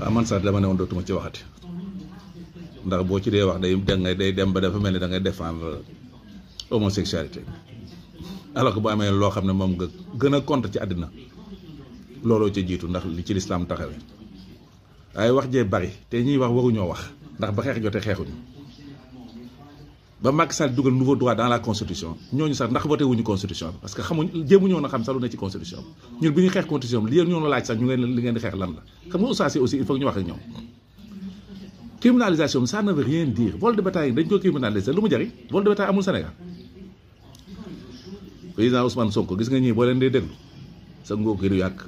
waaw ah, man sax dama ne woon dootuma ci waxati ndax boo ci dee wax day danga day dem ba dafa mel ni da ngay défendre homosexualité alors que bu amee loo xam ne moom nga gën a contre ci àddina looloo ca jiitu ndax li ci lislaam taxawee waaye wax jee bari te ñuy wax waruñoo wax ndax ba xeex jotee xeexuñu ba Macky Sall dugal nouveau droit dans la constitution ñooñu sax ndax voté wuñu constitution parce que xamuñ jéemu ñoo na xam sax lu ne ci constitution bi ñun bi ñuy constitution bi li ñoo na laaj sax ñu ngeen li ngeen di xeex lan la xam nga ustaas aussi il faut ñu wax ak ñom criminalisation bi ça ne veut rien dire vol de bataille dañ ko criminaliser lu mu jariñ vol de bétail amul Sénégal président Ousmane Sonko gis nga ñi bo leen dee déglu sa ngoo ki du yàq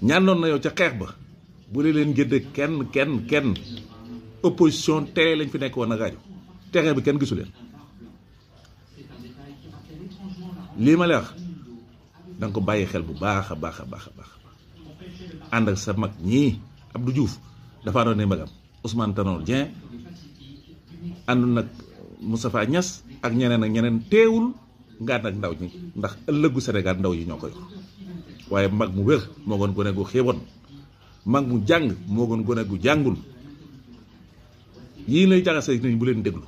ñaanoon na yow ca xeex ba bu leen leen gédde kenn kenn kenn opposition tere lañ fi nekk woon a rajo tere bi kenn gisu leen lii ma lay wax da ko bàyyi xel bu baax a baax a baax a baax ànd ak sa mag ñii Abdou juuf dafa àndoon ne magam Ousmane Tanor Dieng ànd nag Moustapha ñas ak ñeneen ak ñeneen teewul nga ànd ak ndaw ñi ndax ëllëgu senegal ndaw yi ñoo ko yor waaye mag mu wér moo gën gone gu xéwoon mag mu jàng moo gën gone gu jàngul. yii lay jaxase nañ bu leen déglu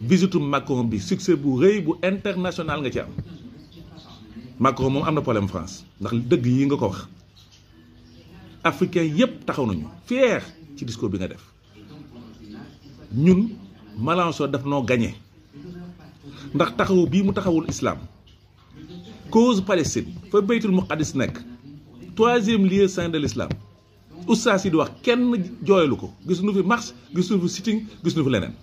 Visite Macron bi succès bu rëy bu international nga ci am Macron mom amna na problème France ndax deug yi nga ko wax africain yépp taxaw nañu fier ci discours bi nga def ñun Mélenchon daf noo gagné ndax taxawu bi mu taxawul islam cause Palestine fa baytul muqaddis nekk troisième lieu saint de l'islam oustaz yi di wax kenn jooyalu ko gis nu fi marche gisuñu fi gis nu fi leneen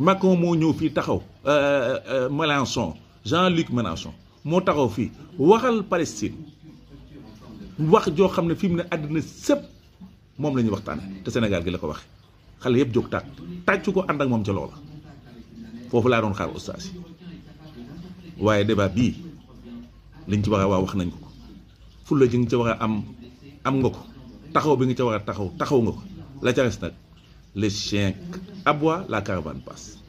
Macron moo ñëw fii taxaw euh, euh, Mélenchon Jean-Luc Mélenchon moo taxaw fii waxal Palestine wax joo xam ne fii mu ne àddina sëpp moom la ñuy waxtaane te Sénégal gi la ko waxe xale yëpp jóg tàkk tàccu ko ànd ak moom ca loola foofu laa doon xaar oustaz waaye débat bii liñ ci waxee waa wax nañ ko fulla ji nga ci waxee am am nga ko taxaw bi nga ci war a taxaw taxaw nga ko la ca res nag les chiens aboient la caravane passe